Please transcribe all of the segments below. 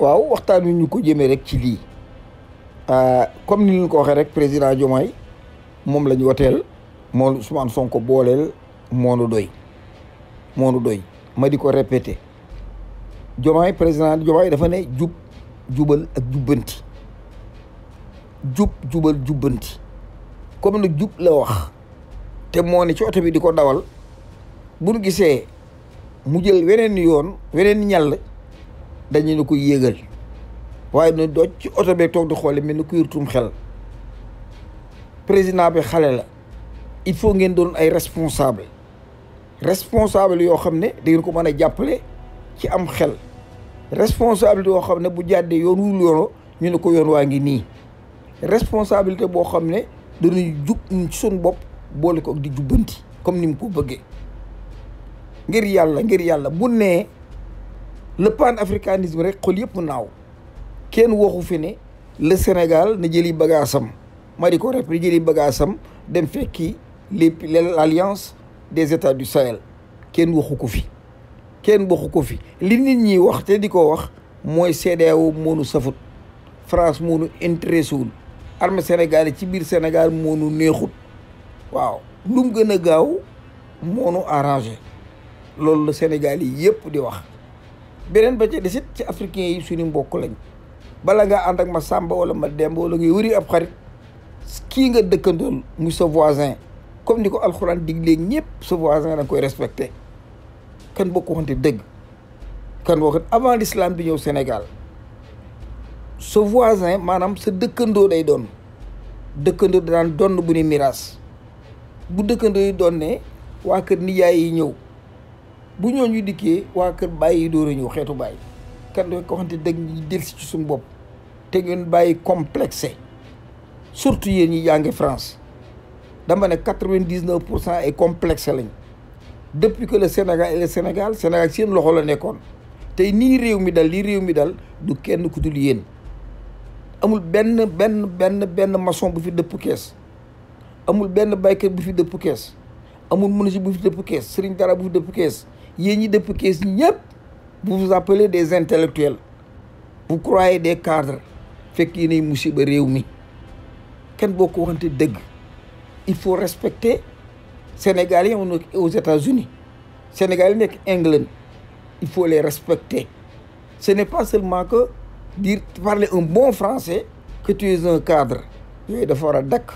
waaw waxtaan wi ñu ko jëmee rek ci lii euh, comme ni ñu ko waxee rek président Diomaye moom la ñu woteel moom Ousmane Sonko booleel moonu doy moonu doy ma di ko répété Diomaye président Diomaye dafa ne jub jubal ak jubbanti jub jubal jubbanti comme nag jub la wax te moo ne ci oto bi di ko dawal bu gisee mu jël weneen yoon weneen ñàll dañu ne koy yéegal waaye ne doo ci oto bee toog di xoole mel ni ku yurtum xel président bi xale la il faut ngeen doon ay responsable responsable yoo xam ne dangeen ko mën a jàppale ci am xel responsabilité yoo xam ne bu jàddee yoon wul yoonoo ñu ne ko yoon waa ngi nii responsabilité boo xam ne dañuy jub ci suñu bopp boole ko ak di jubbanti comme ni mu ko bëggee ngir yàlla ngir yàlla bu nee le africanisme rek xol yëpp naaw kenn waxu fi ne le Sénégal na jëli bagaasam ma di ko rek na jëli bagaasam dem fekki le l'alliance des états du Sahel kenn waxu ko fi kenn waxu ko fi li nit ñi wax te di ko wax mooy CEDEAO moonu safut France moonu intéressé wul armée sénégalais ci biir Sénégal moonu neexut waaw lu mu gën a gaaw moonu arrangé loolu la Sénégal yi yëpp di wax beneen ba ca desit ci africains yi suñu mbokk lañ bala ngaa ànd ak ma sàmba wala ma demb wala ngay wëri ab xarit kii nga dëkkandool mu sa voisin comme ni ko alxuraan diglee ñëpp sa voisin da koy respecté kan bokk wante dëgg kan avant l'islam bi ñëw Sénégal sa maanaam sa dëkkandoo day doon dëkkandoo danaan donn bu ne miraas bu dëkkandoo yi doon waa kër nijaay yi ñëw bu ñooñu dikkee waa kër bàyyi yi door a ñëw xeetu bàyyi kan doo ko waxante dëgg ñi del si ci suñu bopp te ngeen bàyyi complexe surtout yéen ñi jànge France dama ne quatre-vingt-dix-neuf pour cent ay complexé lañ depuis que le Sénégal et le Sénégal Sénégal seen loxo la nekkoon tey nii réew mi dal li réew mi dal du kenn ku dul yéen amul benn benn benn benn maçon bu fi dëpp kees amul benn baykat bu fi dëpp kees amul munisi bu fi dëpp kees sëriñ dara bu fi dëpp kees vous vous appelez des intellectuels vous croyez des cadres Fait qu'il musiba réew des kenn boo il faut respecter sénégalais aux États-Unis sénégalais en Angleterre. il faut les respecter ce n'est pas seulement que dire parler un bon français que tu es un cadre Il faut war a dakk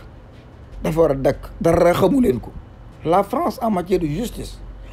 dafa war a dakk dara xamu la France en matière de justice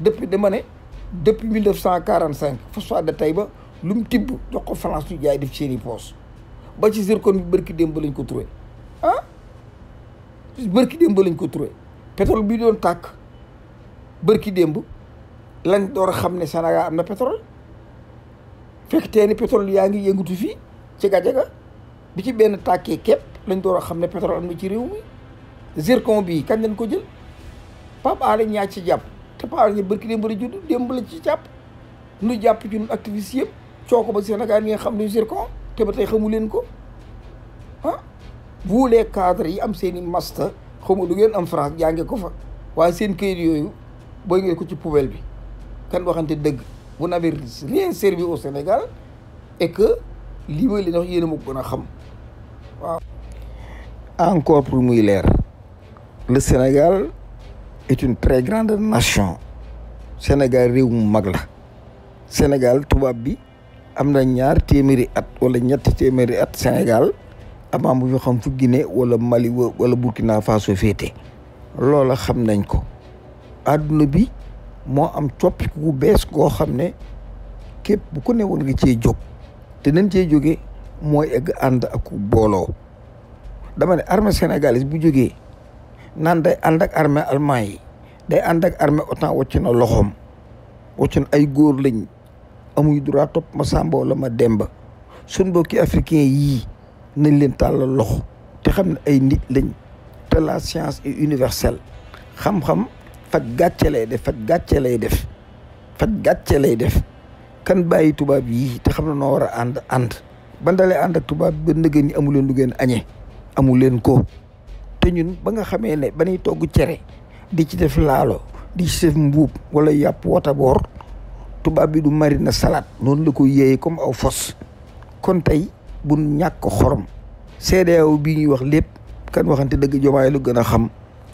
depuis dama ne depuis mille neuf cent quarante cinq phosphate de Taïba lu mu tibb jox ko France ñu jaay def seeni poos ba ci zircon bi bërki démb lañ ko trouvé ah bërki lañ ko trouvé pétrole bi doon tàkk bërki démb lañ door a xam ne Sénégal am na pétrole fekk tee ni yaa ngi yëngatu fii ci gajaga bi ci benn tàkkee képp lañ door xam ne pétrole am na ci réew mi zircon bii kañ lañ ko jël Pape Alé Niang ci jàpp te Paa ñu barki démb la judd démb la ci jàpp nu jàpp ci ñun yëpp coo ko ba Sénégal yi nga xam ne zircon te ba tey xamu leen ko ah vous les cadres yi am seeni i master xamu lu ngeen am France jànge ko fa waaye seen kayit yooyu booy ngeen ko ci poubelle bi kan waxante dëgg vous n'avez rien servi au Sénégal et que lii mooy li wax yéen a ma a xam waaw encore pour muy leer le Sénégal est une très grande nation Sénégal réew mu mag la Sénégal tubaab bi am na ñaar téeméeri at wala ñetti téeméeri at Sénégal amaa bu xam fu wala Mali wala Burkina Faso féete loola xam nañ ko adduna bi moo am coppiku gu bees goo xam ne képp bu ko newoon nga cee jóg te nañ cee jóge mooy egg ànd ak booloo dama ne armée sénégalaise bu jógee naan day ànd ak armée yi day ànd ak armée OTAN wàcc na loxoom wàcc ay góor lañ amuy droit topp ma Samba wala ma Demba suñ mbokki africain yii nañ leen tàllal loxo te xam ne ay nit lañ te la science est universelle xam-xam faj gàcce lay def faj gàcce lay def faj gàcce lay def kan bàyyi tubaab yii te xam ne noo war a ànd ànd bandalee ànd ak tubaab ba nëgën ñi amu leen lu ngeen añee amu leen ko te ñun ba nga xamee ne ba ñuy togg cere di ci def laalo di ci def mbuub wala yàpp wataboor tubaab bi du marina salade noonu la ko yéeye comme aw fos kon tey bu ñàkk xorom CEDEAO bii ñuy wax lépp kan waxante dëgg jomaay lu gën a xam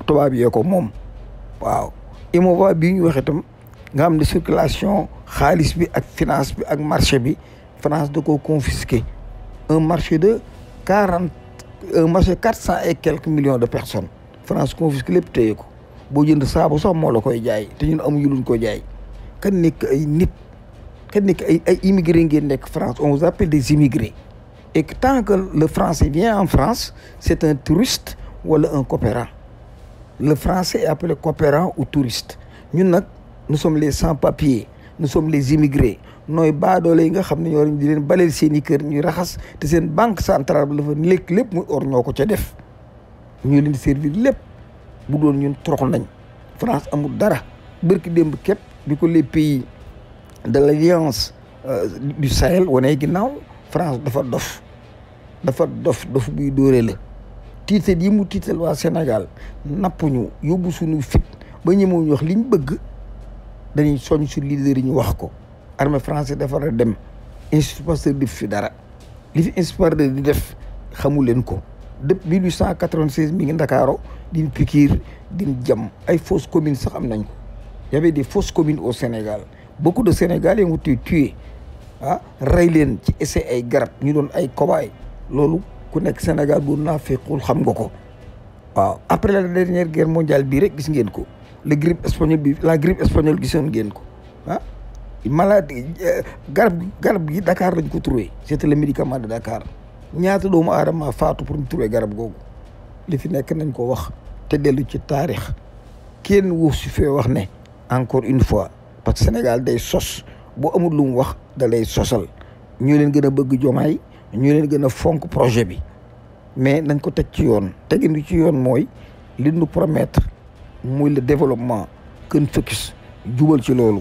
tubaab yee ko moom waaw IMOVA bii ñu wax itam nga xam ne circulation xaalis bi ak finance bi ak marché bi France da ko confisqué un marché de quarante marché 400 400 et quelques millions de personnes France confisque les petits. Si on a des gens qui la koy te France on vous appelle des immigrés et tant que le français vient en France c'est un touriste ou un coopérant le français est appelé coopérant ou touriste nous sommes les sans-papiers nous sommes les immigrés nooy baadoole yi nga xam ne ñoo di leen baleel seen i kër ñuy raxas te seen banque centrale bi la fa lekk lépp muy or ñoo ko ca def ñu leen servir lépp bu doon ñun torox nañ France amul dara bërki démb képp bi ko les pays de l'alliance euh, du Sahel ginnaaw France dafa dof dafa dof dof buy dóore la tiital yi mu tiital waa Sénégal napp ñu yóbbu suñu fit ba ñëmoo ñu wax liñ bëgg dañuy soñ su leader yi ñu wax ko armée française dafa war dem inspecteur Pasteur di dara li fi di def xamu ko depuis 1896, mi ngi dakaro di pikir di jam ay fausses communes sax am nañ ko y avait des fausses communes au Sénégal beaucoup de Sénégalais ont été tués ah rey leen ci essai ay garab ñu don ay cobaye lolu ku nek Sénégal bu nafiqul xam nga ko après la dernière guerre mondiale bi rek gis ngeen ko le grippe espagnole bi la grippe espagnole gisone ngeen ko malade euh, garab garab gi Dakar lañ ko trouvé c'était le médicament de Dakar ñaata doomu aadama faatu pour ñu trouvé garab googu li fi nek nañ ko wax te delu ci taarix kenn wu su fe wax ne encore une fois parce que Sénégal day sos boo amul lu mu wax da lay sosal ñu leen gëna bëgg jomay ñu leen gëna fonk projet bi mais nañ ko teg ci yoon tegin bi ci yoon mooy li ñu promettre muy le développement kën focus jubal ci loolu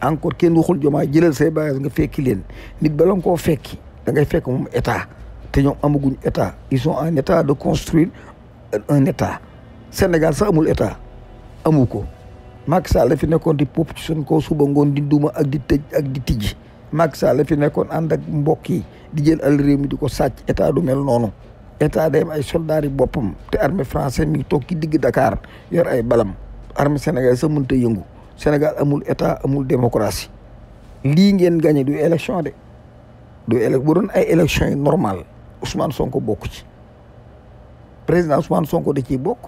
encore kenn waxul jomaa jëlal say bagage nga fekki leen nit ba nga koo fekki da ngay fekk moom état te ñoom amaguñ état ils sont en état de construire un état Sénégal sax amul état amu ko Macky fi nekkoon di pop ci suñ ko suba ngoon di duma ak di tëj ak di tijji Macky Sall la fi nekkoon ànd ak mbokk yi di jël al réew mi di ko sàcc état du mel noonu état day am ay soldats yi boppam te armée française mi ngi toog ci digg Dakar yor ay balam armée Sénégal sax mënta yëngu senegal amul état amul démocratie li ngeen gagné du élection dé du élec bu doon ay élection normal Ousmane Sonko bok, ci président Ousmane Sonko da ci bok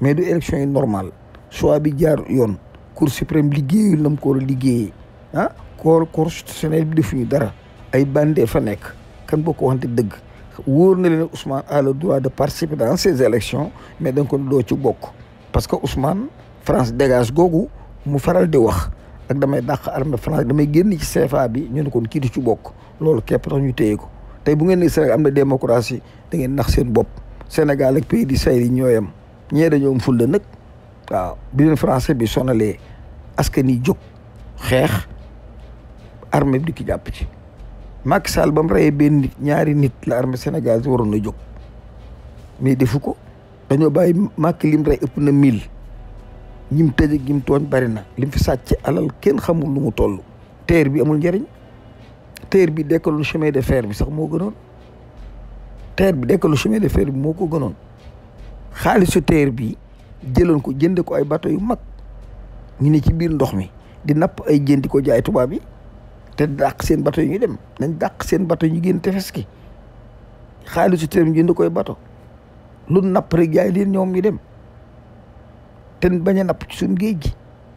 mais du élection normal choix bi jaar yoon cour suprême liggéeyul lam ko war ha ah, cour ah corps constitutionnel bi defu dara ay bandé fa nek kan boo ko deug dëgg na len Ousmane a le droit de participer dans ces élections mais ci bok parce que Ousmane France dégage gogou mu faral di wax ak damay dàq armée France damay genn ci CFA bi ñu ne kon ki di ci bok lolu kep tax ñu téye tay bu ngeen ni Sénégal am na démocratie da ngeen nax seen bop Sénégal ak pays di Sahel yi ñoyam ñe dañu am fulde nak wa bi leen français bi sonalé askani yi xex arme bi di ki japp ci Macky Sall bam mu ben nit ñaari nit la arme Sénégal si waroon na jóg mais defuko dañu dañoo bàyyi Macky lim rey ëpp na 1000 ñim tëj ñim tooñ bari na lim fi sàcc alal kenn xamul lu mu toll terre bi amul njariñ terre bi dekkalu chemin de fer bi sax moo gënoon terre bi dekkalu chemin de fer bi moo ko gënoon su teer bi jëloon ko jënd ko ay bateau yu mag ñu ne ci biir ndox mi di napp ay jën ko jaay tubaab yi te dàq seen bateau yi ñu dem nañ dàq seen bato ñu génn tefes gi xaalisu terre bi jënd ko ay bato lu napp rek jaay leen ñoom ñu dem te bañ a napp ci géej gi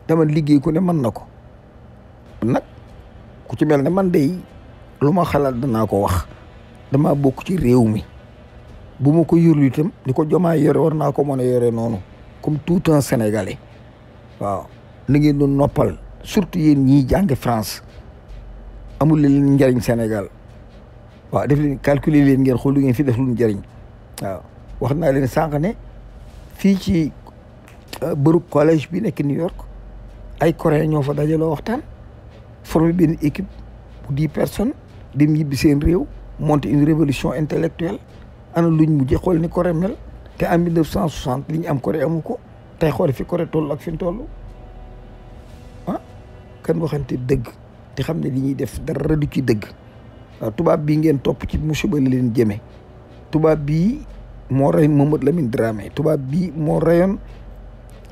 dama liggéey ku ne man na ko nag ku ci mel ne man day lu ma xalaat danaa ko wax dama bokk ci réew mi bu ma ko yorlu itam ni ko jomaa yore war naa ko mën a yore noonu comme tout un sénégalais waaw na ngeen noppal surtout yéen ñii jàng France amul leen njëriñ Sénégal waaw def leen calculer leen ngeen xool lu ngeen fi def lu njariñ waaw wax naa leen sànq ne fii ci bërëb collège bi nekk New York ay coréen ñoo fa dajaloo waxtaan formé benn équipe bu dix personnes dem yibbi seen réew moonte une révolution intellectuelle ana luñ mujjee xool ni Corée mel te en 1960 li ñu am Corée amu ko tey xool fi Corée toll ak fi mu toll ah kan waxante dëgg te xam ne li ñuy def dara du ci dëgg ah, tubaab bi ngeen topp ci musiba la leen jëmee tubaab bii moo rey la Lamine Dramé tubaab bi moo rayon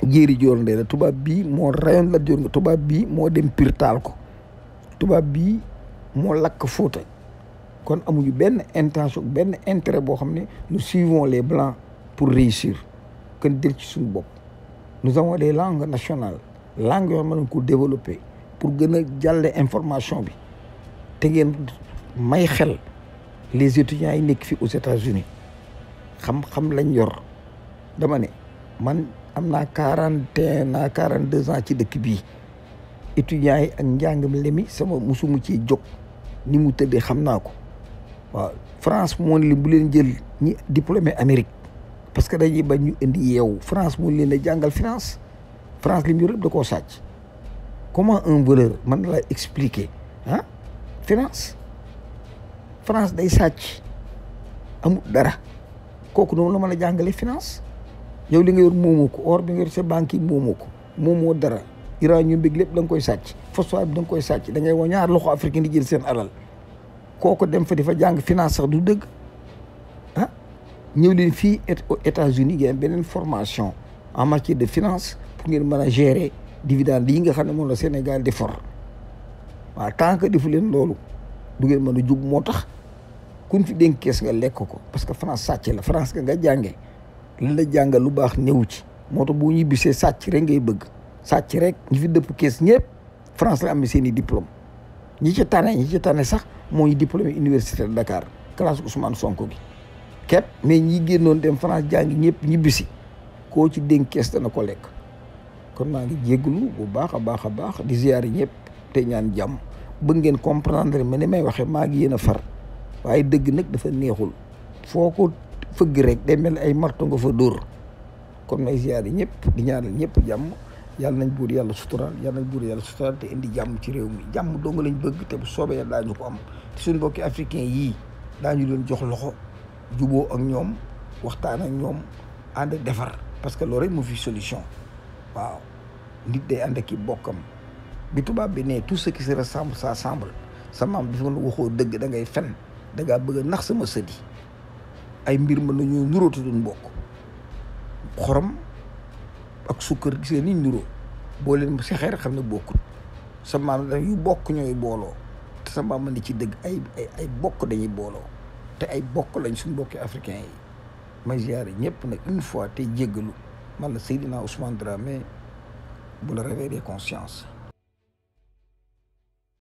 jéeri joor ndey la tubab bi mo rayon la joor tubab bi mo dem pir ko tubab bi mo lak Fuuta kon amuñu ben intention ben intérêt bo xamné nous suivons les blancs pour réussir kenn dër ci suñu bop nous avons des langues nationales langues yo xam ko développer pour gëna jallé information bi té ngeen may xel les étudiants yi nek fi aux États-Unis xam-xam lañ yor dama né man am naa quarante et un à quarante deux ans ci dëkk bii étudiants yi ak njàngam lemi sama musuma ci jog ni mu tëdde xam naa ko waaw France moo ne bu leen jël ñi diplômé Amérique parce que dañuy bañ ñu indi yeewu France moo leen a jàngal finance France li mu yor da koo sàcc comment un voleur man la expliquer ah finance France day sàcc amul dara kooku noonu la man a jàngale finance yow li nga yor momoko or bi nga yor sa banki momoko momo dara uranium bi lépp da nga koy sàcc phosphate bi da koy sàcc da ngay woo loxo africain di jël seen alal koko dem fa difa jang jàng finance sax du dëgg ah ñëw leen fii États-Unis gën benen formation en matière de finance pour ngir mëna gérer dividende yi nga xamne mo la Sénégal di for wa tant que difu leen lolu du ngeen mëna a jub moo fi denk kess nga lekk ko parce que France sàcc la France nga jangé li la jàngal lu baax néew ci moo tax boo ñibbisee sàcc rek ngay bëgg sàcc rek ñi fi dëpp kees ñëpp France la amee seen i diplôme ñi ci tane ñi ci tane sax moo ñu diplômé université de Dakar classe Ousmane Sonko gi képp mais ñi génnoon dem France jàngi ñëpp ñibbisi koo ci dénk kees dana ko lekk kon maa ngi jégalu bu baax a baax a baax di yi ñëpp te ñaan jàmm bëgg ngeen comprendre ma ni may waxee maa ngi yéen a far waaye dëgg nag dafa neexul foo ko fëgg rek day mel ay martu nga fa dur kon may ziar yi ñëpp di ñaanal ñëpp jamm yalla nañ buur yalla sutural yalla nañ buur yalla sutural te indi jamm ci réew mi do nga lañ bëgg te bu soobee yalla dañu ko am ci suñu bokki africain yii dañu leen jox loxo juboo ak ñom waxtaan ak ñom and ak defar parce que loolu rek fi solution waaw nit day and ak bokkam bi tuba bi ne tout ce qui se ressemble s'assemble sa maam dafa waxo dëgg da ngay fen da nga bëgg nax sama sëdi ay mbir mën nañoo nuroo te duñ bokk xorom ak sukkar gis nga ni nuroo boole leen sexeer xam ne bokkut sa maam yu bokk ñooy booloo te sa maam ni ci dëgg ay ay ay bokk dañuy booloo te ay bokk lañ suñ bokki africain yi ma ziare ñëpp nag une fois te jéggalu man la Seydina Ousmane Dramé bu la réveiller conscience